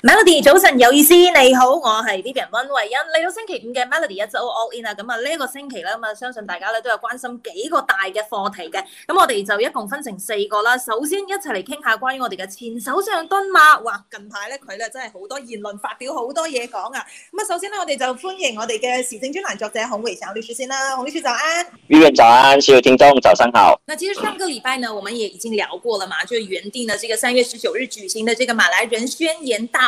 Melody 早晨有意思，你好，我係 Vivian 溫慧欣。嚟到星期五嘅 Melody 一周 All In 啊，咁啊呢個星期啦咁啊，相信大家咧都有關心幾個大嘅課題嘅。咁我哋就一共分成四個啦，首先一齊嚟傾下關於我哋嘅前首相敦馬。哇，近排咧佢咧真係好多言論發表，好多嘢講啊。咁啊，首先咧我哋就歡迎我哋嘅時政專欄作者孔維祥律師先啦。孔維律師早安。Vivian 早安，所有聽眾早上好。嗱、嗯，那其實上個禮拜呢，我們也已經聊過了嘛，就原定呢，這個三月十九日舉行的這個馬來人宣言大